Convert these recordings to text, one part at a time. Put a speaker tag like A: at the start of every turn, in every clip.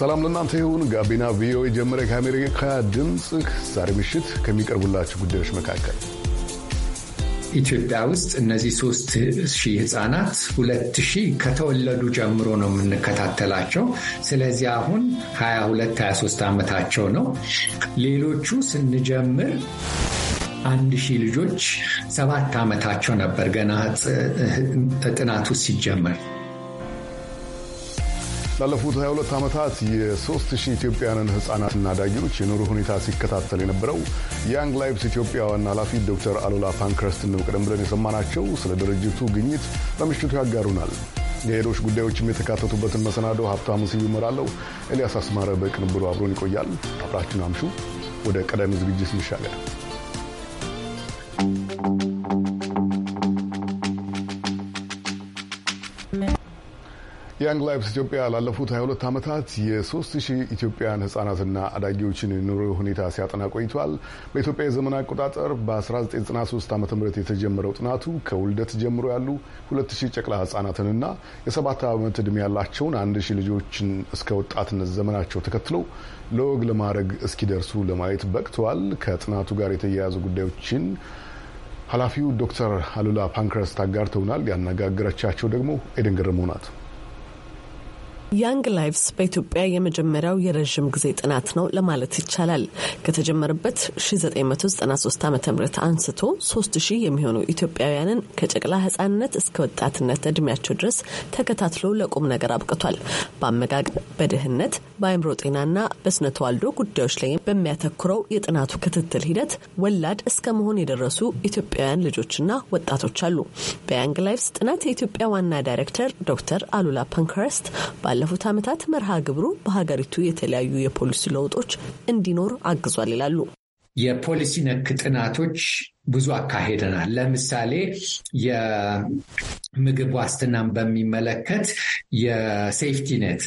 A: ሰላም ለእናንተ ይሁን። ጋቢና ቪኦኤ ጀመረ። ከአሜሪካ ድምፅ ዛሬ ምሽት ከሚቀርቡላቸው ጉዳዮች መካከል
B: ኢትዮጵያ ውስጥ እነዚህ ሶስት ሺህ ህጻናት ሁለት ሺህ ከተወለዱ ጀምሮ ነው የምንከታተላቸው። ስለዚህ አሁን 22 23 ዓመታቸው ነው። ሌሎቹ ስንጀምር አንድ ሺህ ልጆች ሰባት ዓመታቸው ነበር ገና ጥናቱ ሲጀመር
A: ላለፉት 22 ዓመታት የ3000 ኢትዮጵያውያንን ህጻናትና አዳጊዎች የኑሮ ሁኔታ ሲከታተል የነበረው ያንግ ላይቭስ ኢትዮጵያ ዋና ኃላፊ ዶክተር አሉላ ፓንክረስት ነው ቀደም ብለን የሰማናቸው። ስለ ድርጅቱ ግኝት በምሽቱ ያጋሩናል። የሌሎች ጉዳዮችም የተካተቱበትን መሰናዶ ሀብታሙ ስዩም ይመራለው። ኤልያስ አስማረ በቅንብሩ አብሮን ይቆያል። አብራችን አምሹ። ወደ ቀዳሚ ዝግጅት እንሻገር። ያንግ ላይፍስ ኢትዮጵያ ላለፉት 22 ዓመታት የ3000 ኢትዮጵያን ህጻናትና አዳጊዎችን የኑሮ ሁኔታ ሲያጠና ቆይቷል። በኢትዮጵያ የዘመን አቆጣጠር በ1993 ዓ ም የተጀመረው ጥናቱ ከውልደት ጀምሮ ያሉ 2000 ጨቅላ ህጻናትንና የሰባት ዓመት ዕድሜ ያላቸውን 1000 ልጆችን እስከ ወጣትነት ዘመናቸው ተከትለው ለወግ ለማድረግ እስኪደርሱ ለማየት በቅተዋል። ከጥናቱ ጋር የተያያዙ ጉዳዮችን ኃላፊው ዶክተር አሉላ ፓንክረስት አጋርተውናል። ያነጋገረቻቸው ደግሞ ኤደን ገረመው ናት።
C: ያንግ ላይቭስ በኢትዮጵያ የመጀመሪያው የረዥም ጊዜ ጥናት ነው ለማለት ይቻላል። ከተጀመረበት 1993 ዓ ም አንስቶ 3000 የሚሆኑ ኢትዮጵያውያንን ከጨቅላ ህጻንነት እስከ ወጣትነት እድሜያቸው ድረስ ተከታትሎ ለቁም ነገር አብቅቷል። በአመጋገብ፣ በድህነት፣ በአእምሮ ጤናና በስነ ተዋልዶ ጉዳዮች ላይ በሚያተኩረው የጥናቱ ክትትል ሂደት ወላድ እስከ መሆን የደረሱ ኢትዮጵያውያን ልጆችና ወጣቶች አሉ። በያንግ ላይቭስ ጥናት የኢትዮጵያ ዋና ዳይሬክተር ዶክተር አሉላ ፐንክረስት ባለፉት ዓመታት መርሃ
B: ግብሩ በሀገሪቱ የተለያዩ የፖሊሲ ለውጦች እንዲኖር አግዟል ይላሉ። የፖሊሲ ነክ ጥናቶች ብዙ አካሄደናል። ለምሳሌ የምግብ ዋስትናን በሚመለከት የሴፍቲ ኔት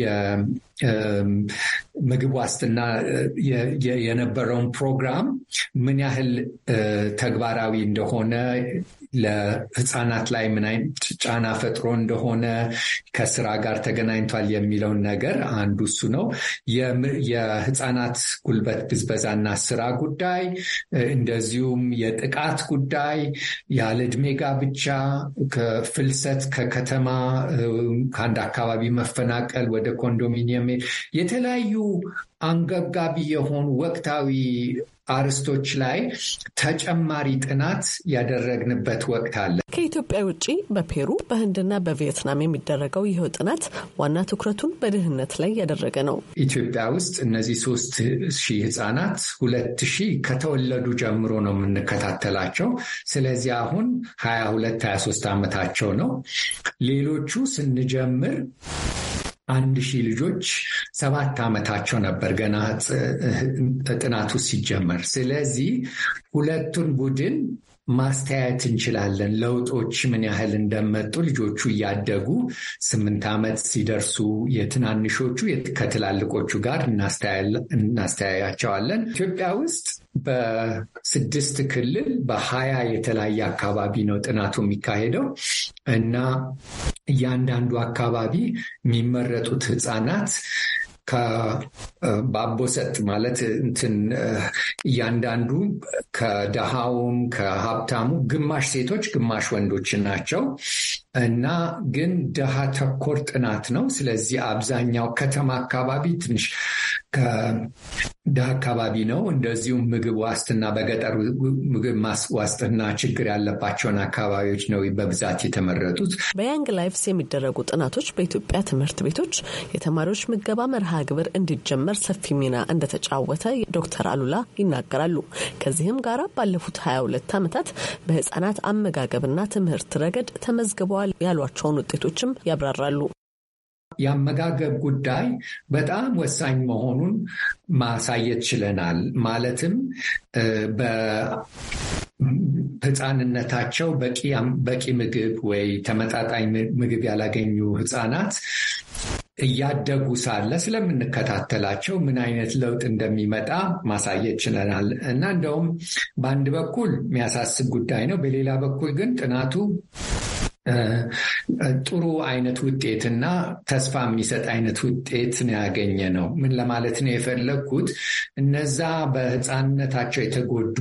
B: የምግብ ዋስትና የነበረውን ፕሮግራም ምን ያህል ተግባራዊ እንደሆነ ለህፃናት ላይ ምን አይነት ጫና ፈጥሮ እንደሆነ ከስራ ጋር ተገናኝቷል የሚለውን ነገር አንዱ እሱ ነው። የህፃናት ጉልበት ብዝበዛና ስራ ጉዳይ፣ እንደዚሁም የጥቃት ጉዳይ፣ ያለ ዕድሜ ጋብቻ፣ ፍልሰት፣ ከከተማ ከአንድ አካባቢ መፈናቀል ወደ ኮንዶሚኒየም የተለያዩ አንገብጋቢ የሆኑ ወቅታዊ አርስቶች ላይ ተጨማሪ ጥናት ያደረግንበት ወቅት አለ።
C: ከኢትዮጵያ ውጭ በፔሩ በህንድና በቪየትናም የሚደረገው ይኸው ጥናት ዋና ትኩረቱን በድህነት ላይ ያደረገ
B: ነው። ኢትዮጵያ ውስጥ እነዚህ ሶስት ሺህ ህጻናት ሁለት ሺህ ከተወለዱ ጀምሮ ነው የምንከታተላቸው። ስለዚህ አሁን ሀያ ሁለት ሀያ ሶስት ዓመታቸው ነው። ሌሎቹ ስንጀምር አንድ ሺህ ልጆች ሰባት ዓመታቸው ነበር ገና ጥናቱ ሲጀመር። ስለዚህ ሁለቱን ቡድን ማስተያየት እንችላለን። ለውጦች ምን ያህል እንደመጡ ልጆቹ እያደጉ ስምንት ዓመት ሲደርሱ የትናንሾቹ ከትላልቆቹ ጋር እናስተያያቸዋለን። ኢትዮጵያ ውስጥ በስድስት ክልል በሀያ የተለያየ አካባቢ ነው ጥናቱ የሚካሄደው እና እያንዳንዱ አካባቢ የሚመረጡት ህፃናት ከባቦሰጥ ማለት እንትን እያንዳንዱ ከደሃውም ከሀብታሙ ግማሽ ሴቶች ግማሽ ወንዶች ናቸው እና ግን ደሃ ተኮር ጥናት ነው። ስለዚህ አብዛኛው ከተማ አካባቢ ትንሽ ከድሃ አካባቢ ነው። እንደዚሁም ምግብ ዋስትና በገጠር ምግብ ዋስትና ችግር ያለባቸውን አካባቢዎች ነው በብዛት የተመረጡት። በያንግ ላይፍስ የሚደረጉ ጥናቶች በኢትዮጵያ ትምህርት ቤቶች
C: የተማሪዎች ምገባ መርሃ ግብር እንዲጀመር ሰፊ ሚና እንደተጫወተ ዶክተር አሉላ ይናገራሉ። ከዚህም ጋር ባለፉት 22 ዓመታት በህጻናት አመጋገብና ትምህርት
B: ረገድ ተመዝግበዋል ያሏቸውን ውጤቶችም ያብራራሉ። የአመጋገብ ጉዳይ በጣም ወሳኝ መሆኑን ማሳየት ችለናል። ማለትም ህፃንነታቸው በቂ ምግብ ወይ ተመጣጣኝ ምግብ ያላገኙ ህፃናት እያደጉ ሳለ ስለምንከታተላቸው ምን አይነት ለውጥ እንደሚመጣ ማሳየት ችለናል እና እንደውም በአንድ በኩል የሚያሳስብ ጉዳይ ነው። በሌላ በኩል ግን ጥናቱ ጥሩ አይነት ውጤት እና ተስፋ የሚሰጥ አይነት ውጤት ነው ያገኘ ነው። ምን ለማለት ነው የፈለግኩት? እነዛ በህፃንነታቸው የተጎዱ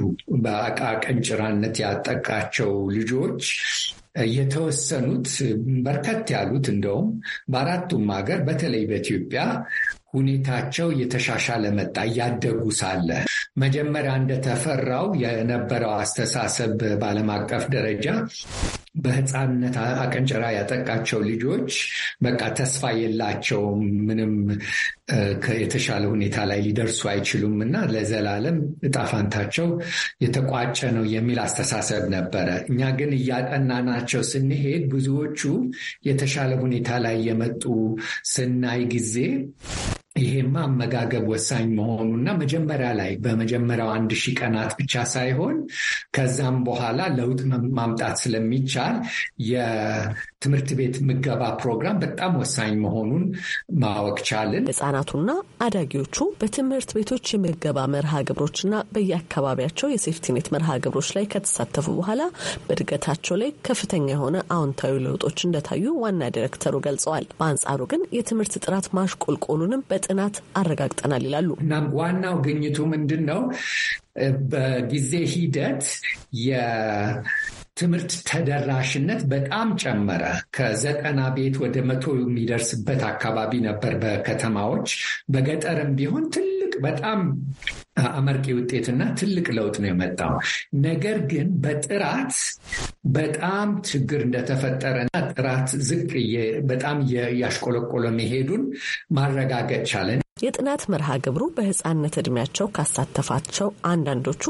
B: በአቃቀንጭራነት ያጠቃቸው ልጆች የተወሰኑት በርከት ያሉት እንደውም በአራቱም ሀገር በተለይ በኢትዮጵያ ሁኔታቸው እየተሻሻለ መጣ። እያደጉ ሳለ መጀመሪያ እንደተፈራው የነበረው አስተሳሰብ በዓለም አቀፍ ደረጃ በህፃንነት አቀንጨራ ያጠቃቸው ልጆች በቃ ተስፋ የላቸውም፣ ምንም የተሻለ ሁኔታ ላይ ሊደርሱ አይችሉም እና ለዘላለም እጣፋንታቸው የተቋጨ ነው የሚል አስተሳሰብ ነበረ። እኛ ግን እያጠናናቸው ስንሄድ ብዙዎቹ የተሻለ ሁኔታ ላይ የመጡ ስናይ ጊዜ ይሄማ አመጋገብ ወሳኝ መሆኑና መጀመሪያ ላይ በመጀመሪያው አንድ ሺህ ቀናት ብቻ ሳይሆን ከዛም በኋላ ለውጥ ማምጣት ስለሚቻል ትምህርት ቤት ምገባ ፕሮግራም በጣም ወሳኝ መሆኑን
C: ማወቅ ቻልን። ህጻናቱና አዳጊዎቹ በትምህርት ቤቶች የምገባ መርሃ ግብሮችና በየአካባቢያቸው የሴፍቲኔት መርሃ ግብሮች ላይ ከተሳተፉ በኋላ በእድገታቸው ላይ ከፍተኛ የሆነ አዎንታዊ ለውጦች እንደታዩ ዋና ዲሬክተሩ ገልጸዋል። በአንጻሩ ግን የትምህርት ጥራት
B: ማሽቆልቆሉንም በጥናት አረጋግጠናል ይላሉ። እናም ዋናው ግኝቱ ምንድን ነው? በጊዜ ሂደት ትምህርት ተደራሽነት በጣም ጨመረ። ከዘጠና ቤት ወደ መቶ የሚደርስበት አካባቢ ነበር በከተማዎች። በገጠርም ቢሆን ትልቅ በጣም አመርቂ ውጤትና ትልቅ ለውጥ ነው የመጣው። ነገር ግን በጥራት በጣም ችግር እንደተፈጠረና ጥራት ዝቅ በጣም ያሽቆለቆለ መሄዱን ማረጋገጥ ቻለን። የጥናት መርሃ ግብሩ በህጻነት እድሜያቸው ካሳተፋቸው
C: አንዳንዶቹ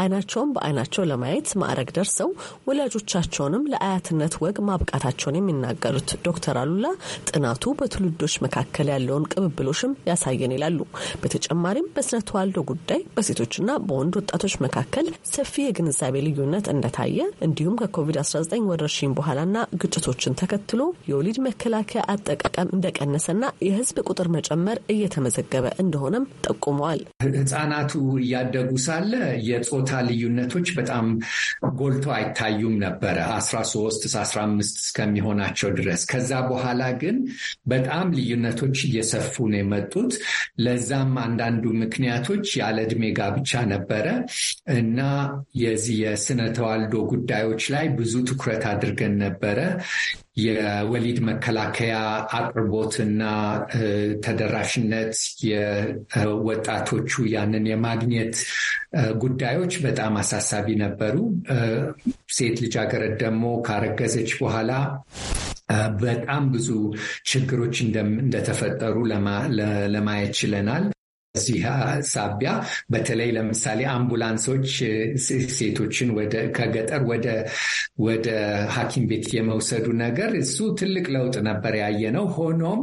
C: አይናቸውን በአይናቸው ለማየት ማዕረግ ደርሰው ወላጆቻቸውንም ለአያትነት ወግ ማብቃታቸውን የሚናገሩት ዶክተር አሉላ ጥናቱ በትውልዶች መካከል ያለውን ቅብብሎሽም ያሳየን ይላሉ። በተጨማሪም በስነ ተዋልዶ ጉዳይ በሴቶችና በወንድ ወጣቶች መካከል ሰፊ የግንዛቤ ልዩነት እንደታየ እንዲሁም ከኮቪድ-19 ወረርሽኝ በኋላና ግጭቶችን ተከትሎ የወሊድ መከላከያ አጠቃቀም እንደቀነሰና የህዝብ
B: ቁጥር መጨመር እየተመ እየተመዘገበ እንደሆነም ጠቁመዋል። ህጻናቱ እያደጉ ሳለ የጾታ ልዩነቶች በጣም ጎልቶ አይታዩም ነበረ 13 አስራ አምስት እስከሚሆናቸው ድረስ። ከዛ በኋላ ግን በጣም ልዩነቶች እየሰፉ ነው የመጡት። ለዛም አንዳንዱ ምክንያቶች ያለ እድሜ ጋብቻ ነበረ እና የዚህ የስነ ተዋልዶ ጉዳዮች ላይ ብዙ ትኩረት አድርገን ነበረ። የወሊድ መከላከያ አቅርቦትና ተደራሽነት፣ የወጣቶቹ ያንን የማግኘት ጉዳዮች በጣም አሳሳቢ ነበሩ። ሴት ልጃገረድ ደግሞ ካረገዘች በኋላ በጣም ብዙ ችግሮች እንደተፈጠሩ ለማየት ችለናል። በዚህ ሳቢያ በተለይ ለምሳሌ አምቡላንሶች ሴቶችን ከገጠር ወደ ሐኪም ቤት የመውሰዱ ነገር እሱ ትልቅ ለውጥ ነበር ያየ ነው። ሆኖም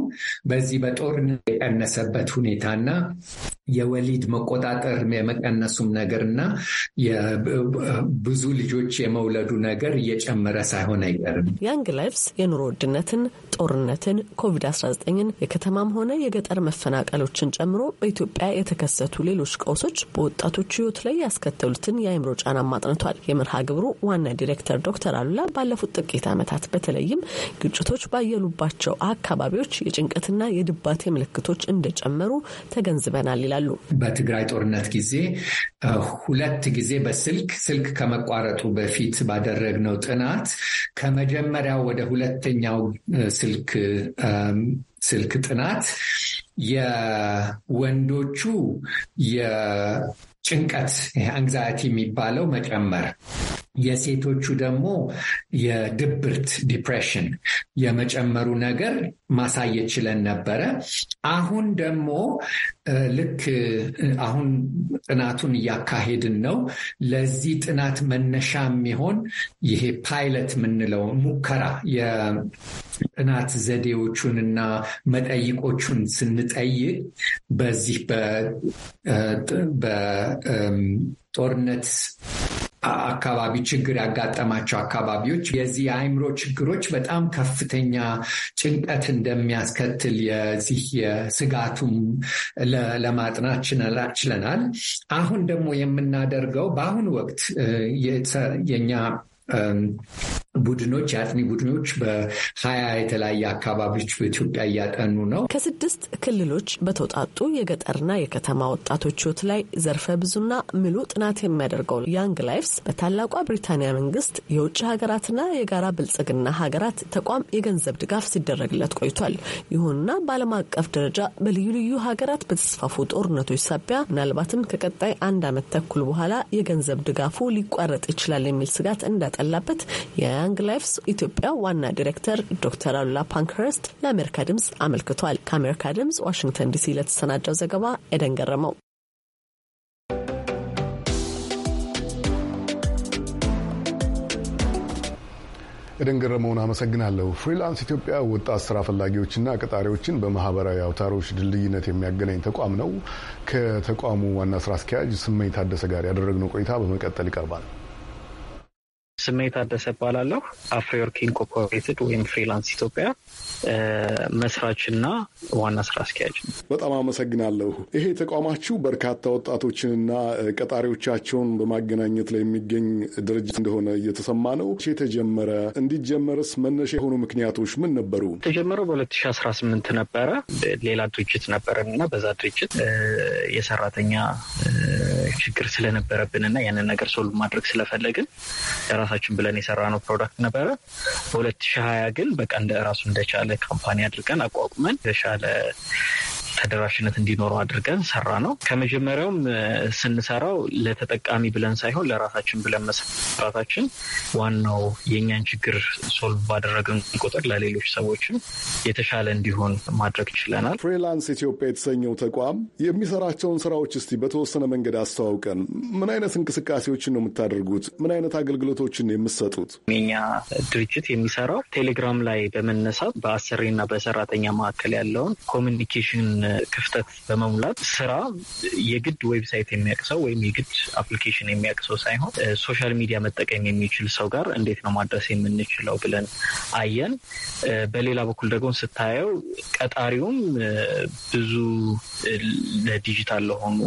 B: በዚህ በጦርነት የቀነሰበት ሁኔታና የወሊድ መቆጣጠር የመቀነሱም ነገር እና ብዙ ልጆች የመውለዱ ነገር እየጨመረ ሳይሆን አይቀርም። ያንግ ላይፍስ የኑሮ ውድነትን፣ ጦርነትን፣ ኮቪድ-19ን፣ የከተማም ሆነ
C: የገጠር መፈናቀሎችን ጨምሮ በኢትዮጵያ የተከሰቱ ሌሎች ቀውሶች በወጣቶች ሕይወት ላይ ያስከተሉትን የአእምሮ ጫና ማጥንቷል። የመርሃ ግብሩ ዋና ዲሬክተር ዶክተር አሉላ ባለፉት ጥቂት ዓመታት በተለይም ግጭቶች ባየሉባቸው አካባቢዎች የጭንቀትና የድባቴ
B: ምልክቶች እንደጨመሩ ተገንዝበናል ይላል። ይላሉ። በትግራይ ጦርነት ጊዜ ሁለት ጊዜ በስልክ ስልክ ከመቋረጡ በፊት ባደረግነው ጥናት ከመጀመሪያው ወደ ሁለተኛው ስልክ ስልክ ጥናት የወንዶቹ የጭንቀት አንግዛያቲ የሚባለው መጨመር የሴቶቹ ደግሞ የድብርት ዲፕሬሽን የመጨመሩ ነገር ማሳየት ችለን ነበረ። አሁን ደግሞ ልክ አሁን ጥናቱን እያካሄድን ነው። ለዚህ ጥናት መነሻ የሚሆን ይሄ ፓይለት የምንለው ሙከራ የጥናት ዘዴዎቹን መጠይቆቹን ስንጠይቅ በዚህ በጦርነት አካባቢ ችግር ያጋጠማቸው አካባቢዎች የዚህ የአእምሮ ችግሮች በጣም ከፍተኛ ጭንቀት እንደሚያስከትል የዚህ የስጋቱም ለማጥናት ችለናል። አሁን ደግሞ የምናደርገው በአሁኑ ወቅት የኛ ቡድኖች የአጥኒ ቡድኖች በሀያ የተለያየ አካባቢዎች በኢትዮጵያ እያጠኑ ነው። ከስድስት
C: ክልሎች በተውጣጡ የገጠርና የከተማ ወጣቶች ህይወት ላይ ዘርፈ ብዙና ምሉ ጥናት የሚያደርገው ያንግ ላይፍስ በታላቋ ብሪታንያ መንግስት የውጭ ሀገራትና የጋራ ብልጽግና ሀገራት ተቋም የገንዘብ ድጋፍ ሲደረግለት ቆይቷል። ይሁንና በዓለም አቀፍ ደረጃ በልዩ ልዩ ሀገራት በተስፋፉ ጦርነቶች ሳቢያ ምናልባትም ከቀጣይ አንድ ዓመት ተኩል በኋላ የገንዘብ ድጋፉ ሊቋረጥ ይችላል የሚል ስጋት እንዳጠላበት ያንግ ላይፍስ ኢትዮጵያ ዋና ዲሬክተር ዶክተር አሉላ ፓንክረስት ለአሜሪካ ድምጽ አመልክቷል። ከአሜሪካ ድምፅ ዋሽንግተን ዲሲ ለተሰናዳው ዘገባ ኤደን ገረመው።
A: ኤደን ገረመውን አመሰግናለሁ። ፍሪላንስ ኢትዮጵያ ወጣት ስራ ፈላጊዎችና ቀጣሪዎችን በማህበራዊ አውታሮች ድልድይነት የሚያገናኝ ተቋም ነው። ከተቋሙ ዋና ስራ አስኪያጅ ስመኝ ታደሰ ጋር ያደረግነው ቆይታ በመቀጠል ይቀርባል።
D: ስሜት አደሰ እባላለሁ። አፍሪወርክ ኢንኮርፖሬትድ ወይም ፍሪላንስ ኢትዮጵያ መስራችና ዋና ስራ አስኪያጅ።
A: በጣም አመሰግናለሁ። ይሄ ተቋማችሁ በርካታ ወጣቶችንና ቀጣሪዎቻቸውን በማገናኘት ላይ የሚገኝ ድርጅት እንደሆነ እየተሰማ ነው። የተጀመረ እንዲጀመርስ መነሻ የሆኑ ምክንያቶች ምን ነበሩ?
D: የተጀመረው በ2018 ነበረ። ሌላ ድርጅት ነበረን እና በዛ ድርጅት የሰራተኛ ችግር ስለነበረብን እና ያንን ነገር ሶልቭ ማድረግ ስለፈለግን ለራሳችን ብለን የሰራነው ፕሮዳክት ነበረ። በሁለት ሺህ ሀያ ግን በቃ እንደ ራሱ እንደቻለ ካምፓኒ አድርገን አቋቁመን የተሻለ ተደራሽነት እንዲኖረው አድርገን ሰራ ነው። ከመጀመሪያውም ስንሰራው ለተጠቃሚ ብለን ሳይሆን ለራሳችን ብለን መስራታችን ዋናው የእኛን ችግር ሶልቭ ባደረግን ቁጥር ለሌሎች ሰዎችም የተሻለ እንዲሆን ማድረግ ችለናል።
A: ፍሪላንስ ኢትዮጵያ የተሰኘው ተቋም የሚሰራቸውን ስራዎች እስቲ በተወሰነ መንገድ አስተዋውቀን። ምን አይነት እንቅስቃሴዎችን ነው የምታደርጉት? ምን አይነት አገልግሎቶችን የምትሰጡት?
D: የኛ ድርጅት የሚሰራው ቴሌግራም ላይ በመነሳት በአሰሪና በሰራተኛ መካከል ያለውን ኮሚኒኬሽን ክፍተት በመሙላት ስራ የግድ ዌብሳይት የሚያውቅ ሰው ወይም የግድ አፕሊኬሽን የሚያውቅ ሰው ሳይሆን ሶሻል ሚዲያ መጠቀም የሚችል ሰው ጋር እንዴት ነው ማድረስ የምንችለው ብለን አየን። በሌላ በኩል ደግሞ ስታየው ቀጣሪውም ብዙ ለዲጂታል ለሆኑ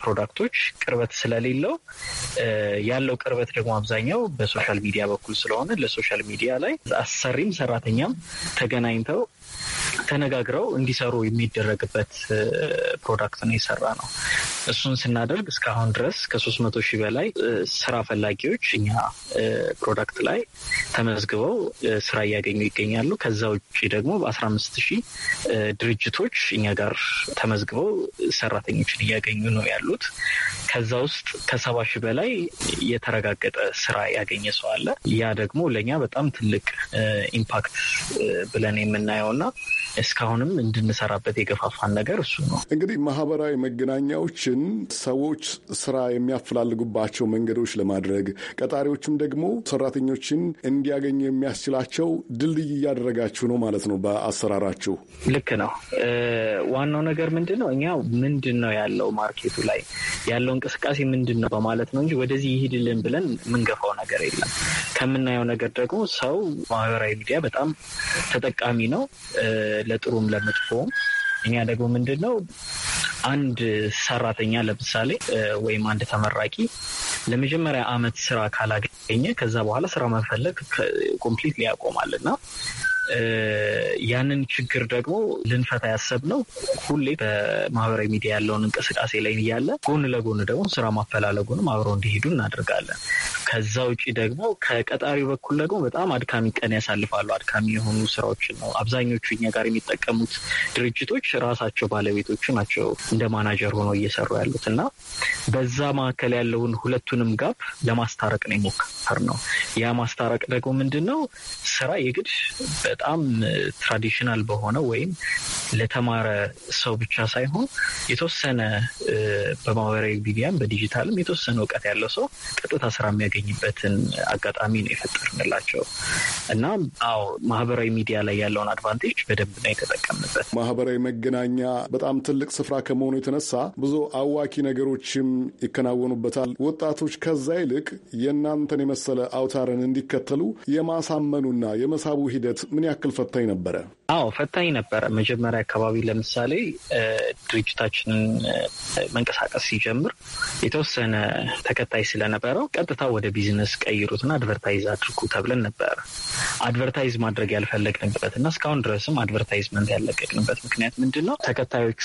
D: ፕሮዳክቶች ቅርበት ስለሌለው ያለው ቅርበት ደግሞ አብዛኛው በሶሻል ሚዲያ በኩል ስለሆነ ለሶሻል ሚዲያ ላይ አሰሪም ሰራተኛም ተገናኝተው ተነጋግረው እንዲሰሩ የሚደረግበት ፕሮዳክት ነው የሰራ ነው። እሱን ስናደርግ እስካሁን ድረስ ከሶስት መቶ ሺህ በላይ ስራ ፈላጊዎች እኛ ፕሮዳክት ላይ ተመዝግበው ስራ እያገኙ ይገኛሉ። ከዛ ውጭ ደግሞ በአስራ አምስት ሺህ ድርጅቶች እኛ ጋር ተመዝግበው ሰራተኞችን እያገኙ ነው ያሉት። ከዛ ውስጥ ከሰባ ሺህ በላይ የተረጋገጠ ስራ ያገኘ ሰው አለ። ያ ደግሞ ለእኛ በጣም ትልቅ ኢምፓክት ብለን የምናየውና እስካሁንም እንድንሰራበት የገፋፋን ነገር እሱ ነው።
A: እንግዲህ ማህበራዊ መገናኛዎችን ሰዎች ስራ የሚያፈላልጉባቸው መንገዶች ለማድረግ ቀጣሪዎችም ደግሞ ሰራተኞችን እንዲያገኙ የሚያስችላቸው ድልድይ እያደረጋችሁ ነው ማለት ነው። በአሰራራችሁ ልክ ነው።
D: ዋናው ነገር ምንድን ነው? እኛ ምንድን ነው ያለው ማርኬቱ ላይ ያለው እንቅስቃሴ ምንድን ነው በማለት ነው እንጂ ወደዚህ ይሄድልን ብለን የምንገፋው ነገር የለም። ከምናየው ነገር ደግሞ ሰው ማህበራዊ ሚዲያ በጣም ተጠቃሚ ነው። ለጥሩም ለመጥፎም። እኛ ደግሞ ምንድን ነው አንድ ሰራተኛ ለምሳሌ ወይም አንድ ተመራቂ ለመጀመሪያ አመት ስራ ካላገኘ ከዛ በኋላ ስራ መፈለግ ኮምፕሊት ሊያቆማል እና ያንን ችግር ደግሞ ልንፈታ ያሰብነው ሁሌ በማህበራዊ ሚዲያ ያለውን እንቅስቃሴ ላይ እያለ ጎን ለጎን ደግሞ ስራ ማፈላለጉንም አብረው እንዲሄዱ እናደርጋለን። ከዛ ውጭ ደግሞ ከቀጣሪው በኩል ደግሞ በጣም አድካሚ ቀን ያሳልፋሉ። አድካሚ የሆኑ ስራዎችን ነው አብዛኞቹ እኛ ጋር የሚጠቀሙት ድርጅቶች ራሳቸው ባለቤቶቹ ናቸው እንደ ማናጀር ሆነው እየሰሩ ያሉት እና በዛ መካከል ያለውን ሁለቱንም ጋብ ለማስታረቅ ነው የሞከር ነው። ያ ማስታረቅ ደግሞ ምንድን ነው ስራ የግድ በጣም ትራዲሽናል በሆነ ወይም ለተማረ ሰው ብቻ ሳይሆን የተወሰነ በማህበራዊ ሚዲያም በዲጂታልም የተወሰነ እውቀት ያለው ሰው ቀጥታ ስራ የሚያገኝ የሚያገኝበትን አጋጣሚ ነው የፈጠርንላቸው እና አዎ ማህበራዊ ሚዲያ ላይ ያለውን አድቫንቴጅ በደንብ ነው የተጠቀምበት።
A: ማህበራዊ መገናኛ በጣም ትልቅ ስፍራ ከመሆኑ የተነሳ ብዙ አዋኪ ነገሮችም ይከናወኑበታል። ወጣቶች ከዛ ይልቅ የእናንተን የመሰለ አውታርን እንዲከተሉ የማሳመኑና የመሳቡ ሂደት ምን ያክል ፈታኝ ነበረ?
D: አዎ ፈታኝ ነበረ። መጀመሪያ አካባቢ ለምሳሌ ድርጅታችንን መንቀሳቀስ ሲጀምር የተወሰነ ተከታይ ስለነበረው ቀጥታ ወደ ቢዝነስ ቀይሩትና አድቨርታይዝ አድርጉ ተብለን ነበረ። አድቨርታይዝ ማድረግ ያልፈለግንበት እና እስካሁን ድረስም አድቨርታይዝመንት ያለቀቅንበት ምክንያት ምንድን ነው? ተከታዮቹ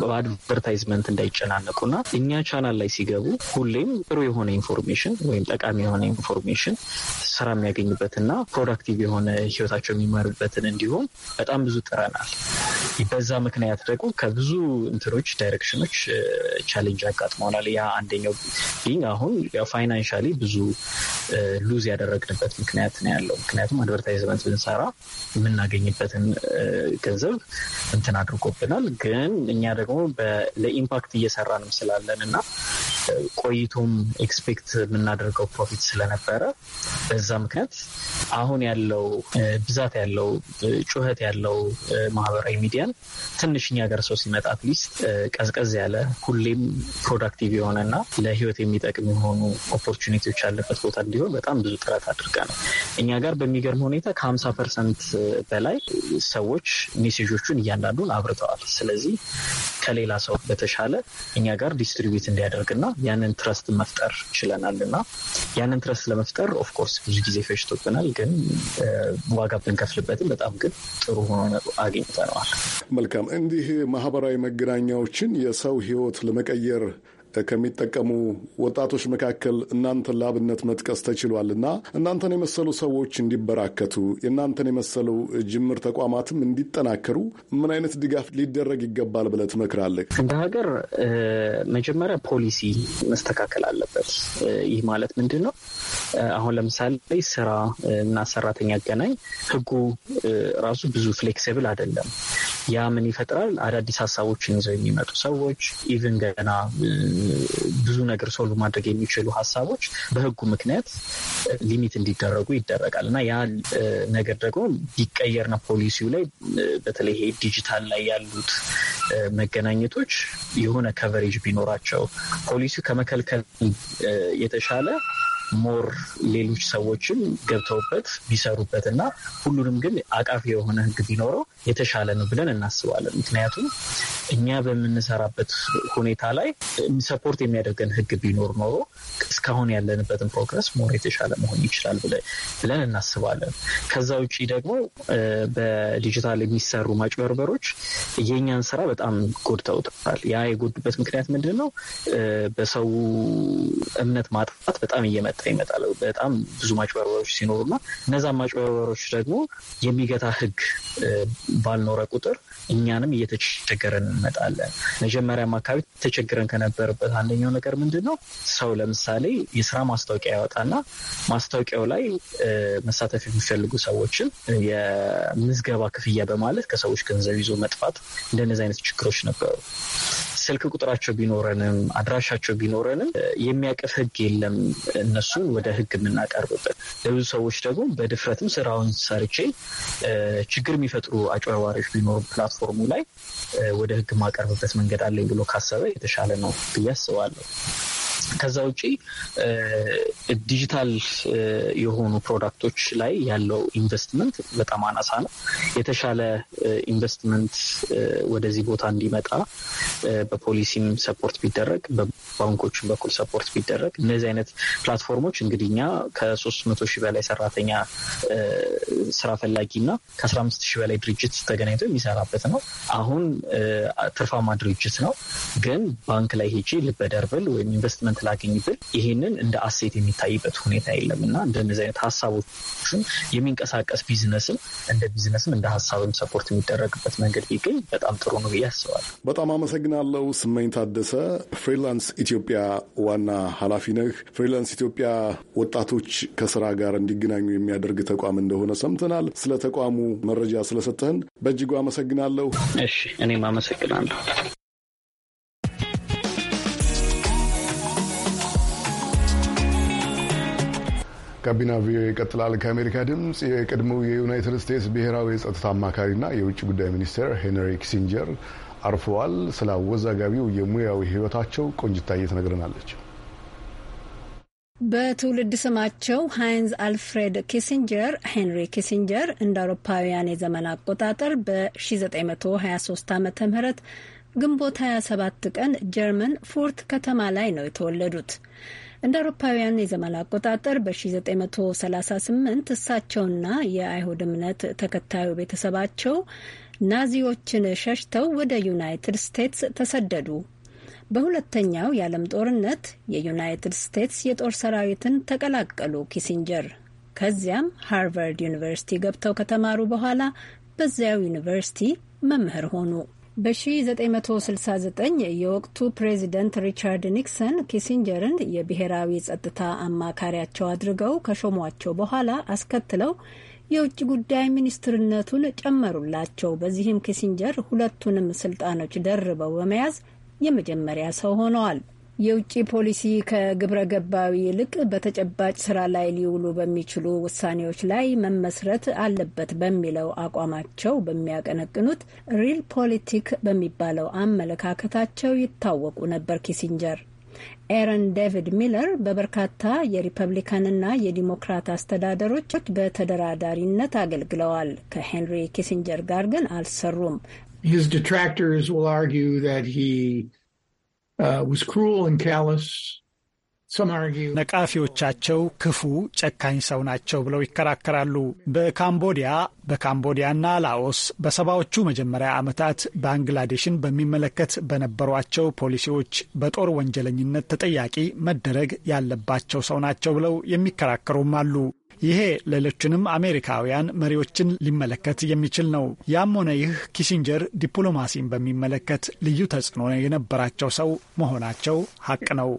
D: በአድቨርታይዝመንት እንዳይጨናነቁና እኛ ቻናል ላይ ሲገቡ ሁሌም ጥሩ የሆነ ኢንፎርሜሽን ወይም ጠቃሚ የሆነ ኢንፎርሜሽን ስራ የሚያገኝበትና ፕሮዳክቲቭ የሆነ ህይወታቸው የሚመሩበትን እንዲሁም በጣም ብዙ ጥረናል። በዛ ምክንያት ደግሞ ከብዙ እንትኖች ዳይሬክሽኖች ቻሌንጅ አጋጥመናል። ያ አንደኛው ቢንግ አሁን ፋይናንሻሊ ብዙ ሉዝ ያደረግንበት ምክንያት ነው ያለው። ምክንያቱም አድቨርታይዝመንት ብንሰራ የምናገኝበትን ገንዘብ እንትን አድርጎብናል። ግን እኛ ደግሞ ለኢምፓክት እየሰራንም ስላለን እና ቆይቶም ኤክስፔክት የምናደርገው ፕሮፊት ስለነበረ በዛ ምክንያት አሁን ያለው ብዛት ያለው ጩኸት ይዘት ያለው ማህበራዊ ሚዲያን ትንሽ እኛ ጋር ሰው ሲመጣ አትሊስት ቀዝቀዝ ያለ ሁሌም ፕሮዳክቲቭ የሆነና ለህይወት የሚጠቅም የሆኑ ኦፖርቹኒቲዎች ያለበት ቦታ እንዲሆን በጣም ብዙ ጥረት አድርገ ነው። እኛ ጋር በሚገርም ሁኔታ ከሀምሳ ፐርሰንት በላይ ሰዎች ሜሴጆቹን እያንዳንዱን አብርተዋል። ስለዚህ ከሌላ ሰው በተሻለ እኛ ጋር ዲስትሪቢዩት እንዲያደርግና ያንን ትረስት መፍጠር ችለናል እና ያንን ትረስት ለመፍጠር ኦፍኮርስ ብዙ ጊዜ ፈጅቶብናል፣ ግን ዋጋ ብንከፍልበትም በጣም ግን ጥሩ ሆኖ አግኝተነዋል።
A: መልካም። እንዲህ ማህበራዊ መገናኛዎችን የሰው ህይወት ለመቀየር ከሚጠቀሙ ወጣቶች መካከል እናንተን ለአብነት መጥቀስ ተችሏል እና እናንተን የመሰሉ ሰዎች እንዲበራከቱ የእናንተን የመሰሉ ጅምር ተቋማትም እንዲጠናከሩ ምን አይነት ድጋፍ ሊደረግ ይገባል ብለህ ትመክራለህ? እንደ ሀገር መጀመሪያ ፖሊሲ መስተካከል
D: አለበት። ይህ ማለት ምንድን ነው? አሁን ለምሳሌ ስራ እና ሰራተኛ ገናኝ ህጉ ራሱ ብዙ ፍሌክሲብል አይደለም። ያ ምን ይፈጥራል? አዳዲስ ሀሳቦችን ይዘው የሚመጡ ሰዎች ኢቭን ገና ብዙ ነገር ሶልቭ ማድረግ የሚችሉ ሀሳቦች በህጉ ምክንያት ሊሚት እንዲደረጉ ይደረጋል እና ያ ነገር ደግሞ ነው ፖሊሲው ላይ በተለይ ዲጂታል ላይ ያሉት መገናኘቶች የሆነ ከቨሬጅ ቢኖራቸው ፖሊሲው ከመከልከል የተሻለ ሞር ሌሎች ሰዎችም ገብተውበት ቢሰሩበት እና ሁሉንም ግን አቃፊ የሆነ ህግ ቢኖረው የተሻለ ነው ብለን እናስባለን። ምክንያቱም እኛ በምንሰራበት ሁኔታ ላይ ሰፖርት የሚያደርገን ህግ ቢኖር ኖሮ እስካሁን ያለንበትን ፕሮግረስ ሞር የተሻለ መሆን ይችላል ብለን እናስባለን። ከዛ ውጭ ደግሞ በዲጂታል የሚሰሩ ማጭበርበሮች የእኛን ስራ በጣም ጎድተውታል። ያ የጎዱበት ምክንያት ምንድን ነው? በሰው እምነት ማጥፋት በጣም እየመጣ እየመጣ ይመጣል። በጣም ብዙ ማጭበርበሮች ሲኖሩና እነዛ ማጭበርበሮች ደግሞ የሚገታ ህግ ባልኖረ ቁጥር እኛንም እየተቸገረን እንመጣለን። መጀመሪያም አካባቢ ተቸግረን ከነበረበት አንደኛው ነገር ምንድን ነው? ሰው ለምሳሌ የስራ ማስታወቂያ ያወጣና ማስታወቂያው ላይ መሳተፍ የሚፈልጉ ሰዎችን የምዝገባ ክፍያ በማለት ከሰዎች ገንዘብ ይዞ መጥፋት፣ እንደነዚህ አይነት ችግሮች ነበሩ። ስልክ ቁጥራቸው ቢኖረንም አድራሻቸው ቢኖረንም የሚያቅፍ ህግ የለም እነሱን ወደ ህግ የምናቀርብበት። ለብዙ ሰዎች ደግሞ በድፍረትም ስራውን ሰርቼ ችግር የሚፈጥሩ አጭበርባሪዎች ቢኖሩ ፕላትፎርሙ ላይ ወደ ህግ ማቀርብበት መንገድ አለኝ ብሎ ካሰበ የተሻለ ነው ብዬ አስባለሁ። ከዛ ውጪ ዲጂታል የሆኑ ፕሮዳክቶች ላይ ያለው ኢንቨስትመንት በጣም አናሳ ነው። የተሻለ ኢንቨስትመንት ወደዚህ ቦታ እንዲመጣ በፖሊሲም ሰፖርት ቢደረግ፣ በባንኮችም በኩል ሰፖርት ቢደረግ እነዚህ አይነት ፕላትፎርሞች እንግዲህ እኛ ከሶስት መቶ ሺህ በላይ ሰራተኛ ስራ ፈላጊና ከአስራ አምስት ሺህ በላይ ድርጅት ተገናኝቶ የሚሰራበት ነው። አሁን ትርፋማ ድርጅት ነው፣ ግን ባንክ ላይ ሄጂ ልበደርብል ወይም ኢንቨስትመንት ፐርሰንት ላግኝ ብል ይሄንን እንደ አሴት የሚታይበት ሁኔታ የለም እና እንደነዚህ አይነት ሀሳቦችን የሚንቀሳቀስ ቢዝነስም እንደ ቢዝነስም እንደ ሀሳብም ሰፖርት የሚደረግበት መንገድ ቢገኝ በጣም ጥሩ ነው ብዬ አስባለሁ።
A: በጣም አመሰግናለሁ። ስመኝ ታደሰ ፍሪላንስ ኢትዮጵያ ዋና ኃላፊ ነህ። ፍሪላንስ ኢትዮጵያ ወጣቶች ከስራ ጋር እንዲገናኙ የሚያደርግ ተቋም እንደሆነ ሰምተናል። ስለ ተቋሙ መረጃ ስለሰጠህን በእጅጉ አመሰግናለሁ። እሺ፣ እኔም
D: አመሰግናለሁ።
A: ጋቢና ቪኦኤ ይቀጥላል። ከአሜሪካ ድምፅ የቀድሞው የዩናይትድ ስቴትስ ብሔራዊ የጸጥታ አማካሪና የውጭ ጉዳይ ሚኒስቴር ሄንሪ ኪሲንጀር አርፈዋል። ስለ አወዛጋቢው የሙያዊ ህይወታቸው ቆንጅታዬ ትነግረናለች።
E: በትውልድ ስማቸው ሃይንዝ አልፍሬድ ኪሲንጀር ሄንሪ ኪሲንጀር እንደ አውሮፓውያን የዘመን አቆጣጠር በ1923 ዓ ም ግንቦት 27 ቀን ጀርመን ፉርት ከተማ ላይ ነው የተወለዱት። እንደ አውሮፓውያን የዘመን አቆጣጠር በ1938 እሳቸውና የአይሁድ እምነት ተከታዩ ቤተሰባቸው ናዚዎችን ሸሽተው ወደ ዩናይትድ ስቴትስ ተሰደዱ። በሁለተኛው የዓለም ጦርነት የዩናይትድ ስቴትስ የጦር ሰራዊትን ተቀላቀሉ ኪሲንጀር። ከዚያም ሃርቫርድ ዩኒቨርሲቲ ገብተው ከተማሩ በኋላ በዚያው ዩኒቨርሲቲ መምህር ሆኑ። በ1969 የወቅቱ ፕሬዚደንት ሪቻርድ ኒክሰን ኪሲንጀርን የብሔራዊ ጸጥታ አማካሪያቸው አድርገው ከሾሟቸው በኋላ አስከትለው የውጭ ጉዳይ ሚኒስትርነቱን ጨመሩላቸው። በዚህም ኪሲንጀር ሁለቱንም ስልጣኖች ደርበው በመያዝ የመጀመሪያ ሰው ሆነዋል። የውጭ ፖሊሲ ከግብረ ገባዊ ይልቅ በተጨባጭ ስራ ላይ ሊውሉ በሚችሉ ውሳኔዎች ላይ መመስረት አለበት በሚለው አቋማቸው በሚያቀነቅኑት ሪል ፖለቲክ በሚባለው አመለካከታቸው ይታወቁ ነበር ኪሲንጀር። ኤረን ዴቪድ ሚለር በበርካታ የሪፐብሊካንና የዲሞክራት አስተዳደሮች በተደራዳሪነት አገልግለዋል። ከሄንሪ ኪሲንጀር ጋር ግን አልሰሩም።
F: Uh, ነቃፊዎቻቸው ክፉ፣ ጨካኝ ሰው ናቸው ብለው ይከራከራሉ። በካምቦዲያ በካምቦዲያና ላኦስ በሰባዎቹ መጀመሪያ ዓመታት ባንግላዴሽን በሚመለከት በነበሯቸው ፖሊሲዎች በጦር ወንጀለኝነት ተጠያቂ መደረግ ያለባቸው ሰው ናቸው ብለው የሚከራከሩም አሉ። ይሄ ሌሎችንም አሜሪካውያን መሪዎችን ሊመለከት የሚችል ነው። ያም ሆነ ይህ ኪሲንጀር ዲፕሎማሲን በሚመለከት ልዩ ተጽዕኖ የነበራቸው ሰው መሆናቸው ሀቅ ነው።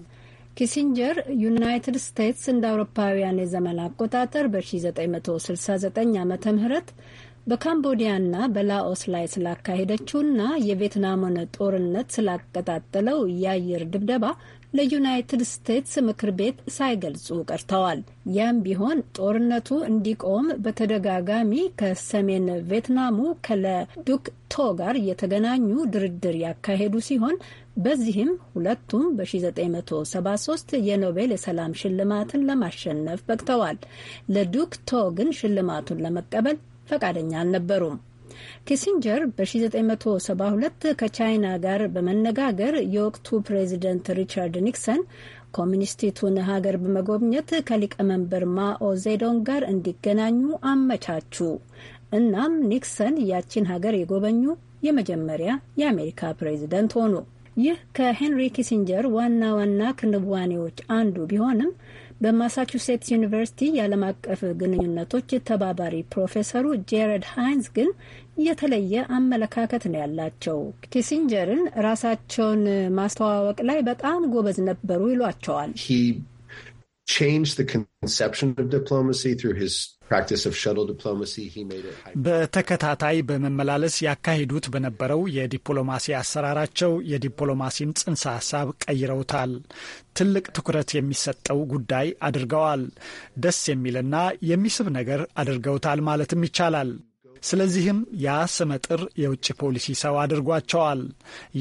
E: ኪሲንጀር ዩናይትድ ስቴትስ እንደ አውሮፓውያን የዘመን አቆጣጠር በ1969 ዓ ም በካምቦዲያና በላኦስ ላይ ስላካሄደችውና የቬትናምን ጦርነት ስላቀጣጠለው የአየር ድብደባ ለዩናይትድ ስቴትስ ምክር ቤት ሳይገልጹ ቀርተዋል። ያም ቢሆን ጦርነቱ እንዲቆም በተደጋጋሚ ከሰሜን ቪየትናሙ ከለዱክ ቶ ጋር የተገናኙ ድርድር ያካሄዱ ሲሆን በዚህም ሁለቱም በ1973 የኖቤል የሰላም ሽልማትን ለማሸነፍ በቅተዋል። ለዱክ ቶ ግን ሽልማቱን ለመቀበል ፈቃደኛ አልነበሩም። ኪሲንጀር በ1972 ከቻይና ጋር በመነጋገር የወቅቱ ፕሬዚደንት ሪቻርድ ኒክሰን ኮሚኒስቲቱን ሀገር በመጎብኘት ከሊቀመንበር ማኦ ዜዶን ጋር እንዲገናኙ አመቻቹ። እናም ኒክሰን ያቺን ሀገር የጎበኙ የመጀመሪያ የአሜሪካ ፕሬዚደንት ሆኑ። ይህ ከሄንሪ ኪሲንጀር ዋና ዋና ክንዋኔዎች አንዱ ቢሆንም በማሳቹሴትስ ዩኒቨርሲቲ የዓለም አቀፍ ግንኙነቶች ተባባሪ ፕሮፌሰሩ ጄረድ ሃይንዝ ግን የተለየ አመለካከት ነው ያላቸው። ኪሲንጀርን ራሳቸውን ማስተዋወቅ ላይ በጣም ጎበዝ ነበሩ ይሏቸዋል።
F: በተከታታይ በመመላለስ ያካሂዱት በነበረው የዲፕሎማሲ አሰራራቸው የዲፕሎማሲን ጽንሰ ሀሳብ ቀይረውታል። ትልቅ ትኩረት የሚሰጠው ጉዳይ አድርገዋል። ደስ የሚልና የሚስብ ነገር አድርገውታል ማለትም ይቻላል። ስለዚህም ያ ስመጥር የውጭ ፖሊሲ ሰው አድርጓቸዋል።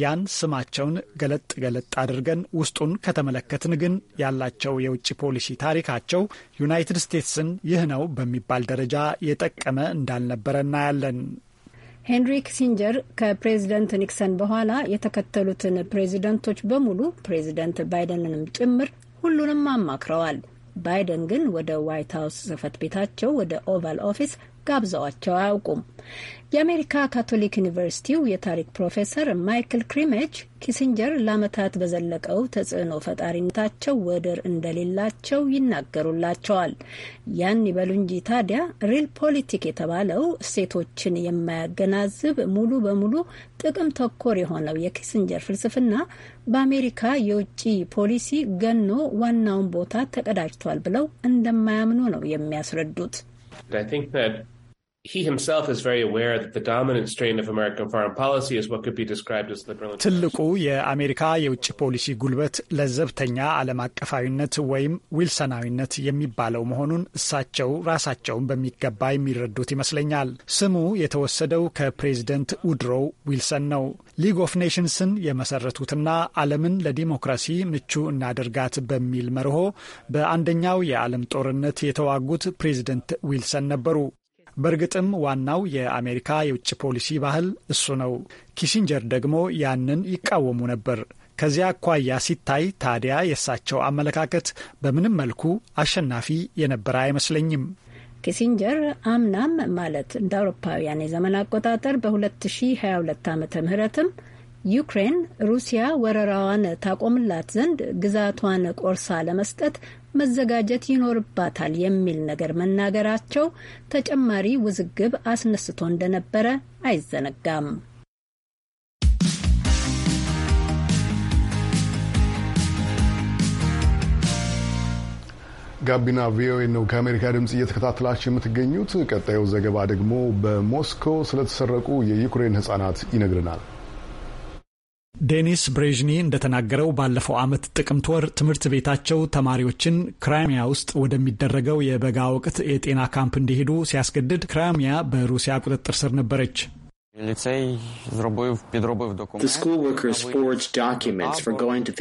F: ያን ስማቸውን ገለጥ ገለጥ አድርገን ውስጡን ከተመለከትን ግን ያላቸው የውጭ ፖሊሲ ታሪካቸው ዩናይትድ ስቴትስን ይህ ነው በሚባል ደረጃ የጠቀመ እንዳልነበረ እናያለን።
E: ሄንሪ ኪሲንጀር ከፕሬዚደንት ኒክሰን በኋላ የተከተሉትን ፕሬዚደንቶች በሙሉ ፕሬዚደንት ባይደንንም ጭምር ሁሉንም አማክረዋል። ባይደን ግን ወደ ዋይት ሀውስ ጽህፈት ቤታቸው ወደ ኦቫል ኦፊስ ጋብዘዋቸው አያውቁም። የአሜሪካ ካቶሊክ ዩኒቨርሲቲው የታሪክ ፕሮፌሰር ማይክል ክሪሜጅ ኪሲንጀር ለዓመታት በዘለቀው ተጽዕኖ ፈጣሪነታቸው ወደር እንደሌላቸው ይናገሩላቸዋል። ያን ይበሉ እንጂ ታዲያ ሪል ፖሊቲክ የተባለው እሴቶችን የማያገናዝብ ሙሉ በሙሉ ጥቅም ተኮር የሆነው የኪሲንጀር ፍልስፍና በአሜሪካ የውጭ ፖሊሲ ገኖ ዋናውን ቦታ ተቀዳጅቷል ብለው እንደማያምኑ ነው የሚያስረዱት።
C: he himself is very aware that the dominant strain of American foreign policy is what could be described as liberal.
F: ትልቁ የአሜሪካ የውጭ ፖሊሲ ጉልበት ለዘብተኛ ዓለም አቀፋዊነት ወይም ዊልሰናዊነት የሚባለው መሆኑን እሳቸው ራሳቸውን በሚገባ የሚረዱት ይመስለኛል። ስሙ የተወሰደው ከፕሬዝደንት ውድሮ ዊልሰን ነው። ሊግ ኦፍ ኔሽንስን የመሰረቱትና ዓለምን ለዲሞክራሲ ምቹ እናደርጋት በሚል መርሆ በአንደኛው የዓለም ጦርነት የተዋጉት ፕሬዝደንት ዊልሰን ነበሩ። በእርግጥም ዋናው የአሜሪካ የውጭ ፖሊሲ ባህል እሱ ነው። ኪሲንጀር ደግሞ ያንን ይቃወሙ ነበር። ከዚያ አኳያ ሲታይ ታዲያ የእሳቸው አመለካከት በምንም መልኩ አሸናፊ የነበረ አይመስለኝም።
E: ኪሲንጀር አምናም ማለት እንደ አውሮፓውያን የዘመን አቆጣጠር በ2022 ዓ ምህረትም ዩክሬን ሩሲያ ወረራዋን ታቆምላት ዘንድ ግዛቷን ቆርሳ ለመስጠት መዘጋጀት ይኖርባታል የሚል ነገር መናገራቸው ተጨማሪ ውዝግብ አስነስቶ እንደነበረ አይዘነጋም።
A: ጋቢና ቪኦኤ ነው ከአሜሪካ ድምፅ እየተከታተላችሁ የምትገኙት። ቀጣዩ ዘገባ ደግሞ በሞስኮ ስለተሰረቁ የዩክሬን ሕጻናት ይነግረናል።
F: ዴኒስ ብሬዥኒ እንደተናገረው ባለፈው ዓመት ጥቅምት ወር ትምህርት ቤታቸው ተማሪዎችን ክራይሚያ ውስጥ ወደሚደረገው የበጋ ወቅት የጤና ካምፕ እንዲሄዱ ሲያስገድድ ክራይሚያ በሩሲያ ቁጥጥር ስር ነበረች። The
D: school workers forged documents for going to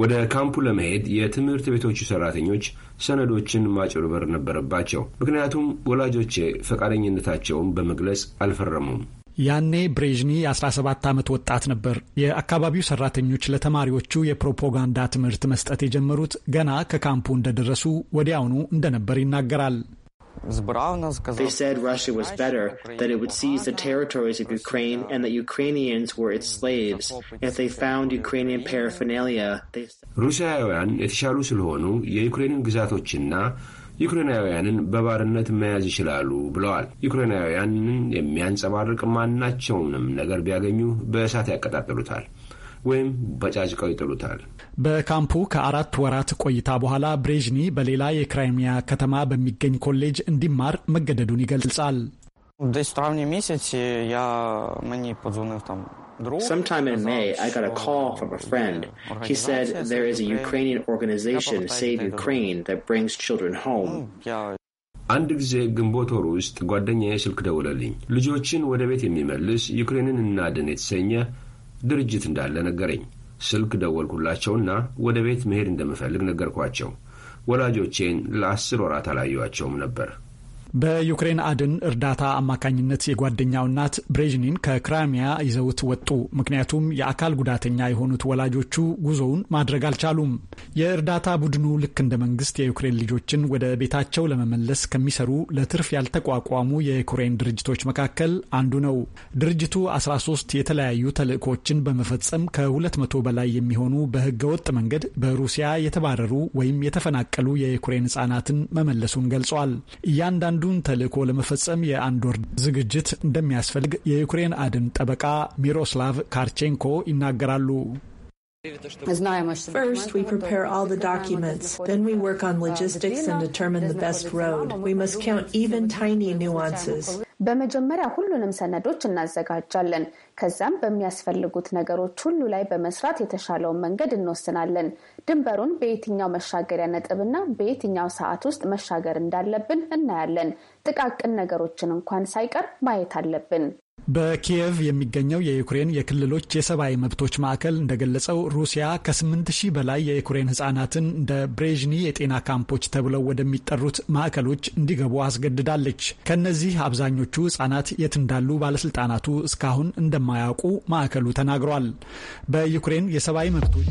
B: ወደ ካምፑ ለመሄድ የትምህርት ቤቶቹ ሰራተኞች ሰነዶችን ማጭበርበር ነበረባቸው። ምክንያቱም ወላጆቼ ፈቃደኝነታቸውን በመግለጽ አልፈረሙም።
F: ያኔ ብሬዥኒ የ17 ዓመት ወጣት ነበር። የአካባቢው ሰራተኞች ለተማሪዎቹ የፕሮፓጋንዳ ትምህርት መስጠት የጀመሩት ገና ከካምፑ እንደደረሱ ወዲያውኑ እንደነበር ይናገራል።
D: They said Russia was better, that it would seize the territories of Ukraine and that Ukrainians were its slaves. If they found Ukrainian paraphernalia, they
B: ሩሲያውያን የተሻሉ ስለሆኑ የዩክሬንን ግዛቶችና ዩክሬናውያንን በባርነት መያዝ ይችላሉ ብለዋል። ዩክሬናውያንን የሚያንጸባርቅ ማናቸውንም ነገር ቢያገኙ በእሳት ያቀጣጥሉታል። ወይም በጫጭቀው ይጥሉታል።
F: በካምፑ ከአራት ወራት ቆይታ በኋላ ብሬዥኒ በሌላ የክራይሚያ ከተማ በሚገኝ ኮሌጅ እንዲማር መገደዱን ይገልጻል።
B: uh,
D: Sometime in May, I got a call from
B: a friend. He said
D: there is a Ukrainian organization, Save Ukraine,
B: that brings children home. Oh, አንድ ጊዜ ግንቦት ወር ውስጥ ጓደኛዬ ስልክ ደውለልኝ ልጆችን ወደ ቤት የሚመልስ ዩክሬንን እናድን የተሰኘ ድርጅት እንዳለ ነገረኝ። ስልክ ደወልኩላቸውና ወደ ቤት መሄድ እንደምፈልግ ነገርኳቸው። ወላጆቼን ለአስር ወራት አላዩዋቸውም ነበር።
F: በዩክሬን አድን እርዳታ አማካኝነት የጓደኛው እናት ብሬዥኒን ከክራሚያ ይዘውት ወጡ። ምክንያቱም የአካል ጉዳተኛ የሆኑት ወላጆቹ ጉዞውን ማድረግ አልቻሉም። የእርዳታ ቡድኑ ልክ እንደ መንግስት የዩክሬን ልጆችን ወደ ቤታቸው ለመመለስ ከሚሰሩ ለትርፍ ያልተቋቋሙ የዩክሬን ድርጅቶች መካከል አንዱ ነው። ድርጅቱ 13 የተለያዩ ተልዕኮችን በመፈጸም ከ200 በላይ የሚሆኑ በህገወጥ መንገድ በሩሲያ የተባረሩ ወይም የተፈናቀሉ የዩክሬን ህጻናትን መመለሱን ገልጿል። እያንዳንዱ የአንዱን ተልዕኮ ለመፈጸም የአንድ ወር ዝግጅት እንደሚያስፈልግ የዩክሬን አድን ጠበቃ ሚሮስላቭ ካርቼንኮ ይናገራሉ።
E: First, we prepare all the documents. Then we work on logistics and determine the best road. We must count even tiny nuances. በመጀመሪያ ሁሉንም ሰነዶች እናዘጋጃለን። ከዛም በሚያስፈልጉት ነገሮች ሁሉ ላይ በመስራት የተሻለውን መንገድ እንወስናለን። ድንበሩን በየትኛው መሻገሪያ ነጥብና በየትኛው ሰዓት ውስጥ መሻገር እንዳለብን እናያለን። ጥቃቅን ነገሮችን እንኳን ሳይቀር ማየት አለብን።
F: በኪየቭ የሚገኘው የዩክሬን የክልሎች የሰብአዊ መብቶች ማዕከል እንደገለጸው ሩሲያ ከ8 ሺህ በላይ የዩክሬን ህጻናትን እንደ ብሬዥኒ የጤና ካምፖች ተብለው ወደሚጠሩት ማዕከሎች እንዲገቡ አስገድዳለች። ከእነዚህ አብዛኞቹ ህጻናት የት እንዳሉ ባለስልጣናቱ እስካሁን እንደማያውቁ ማዕከሉ ተናግሯል። በዩክሬን የሰብአዊ መብቶች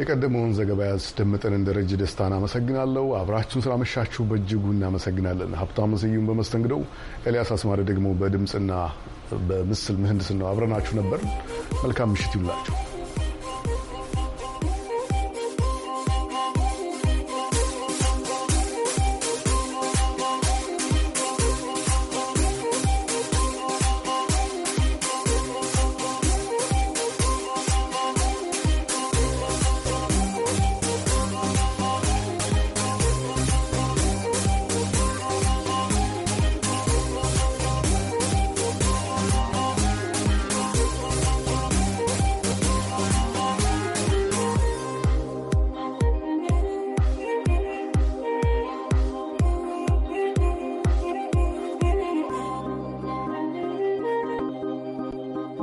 A: የቀደመውን ዘገባ ያስደመጠንን ደረጀ ደስታን አመሰግናለሁ። አብራችሁን ስላመሻችሁ በእጅጉ እናመሰግናለን። ሀብታሙ ስዩም በመስተንግደው፣ ኤልያስ አስማሪ ደግሞ በድምፅና በምስል ምህንድስና አብረናችሁ ነበር። መልካም ምሽት ይሁንላችሁ።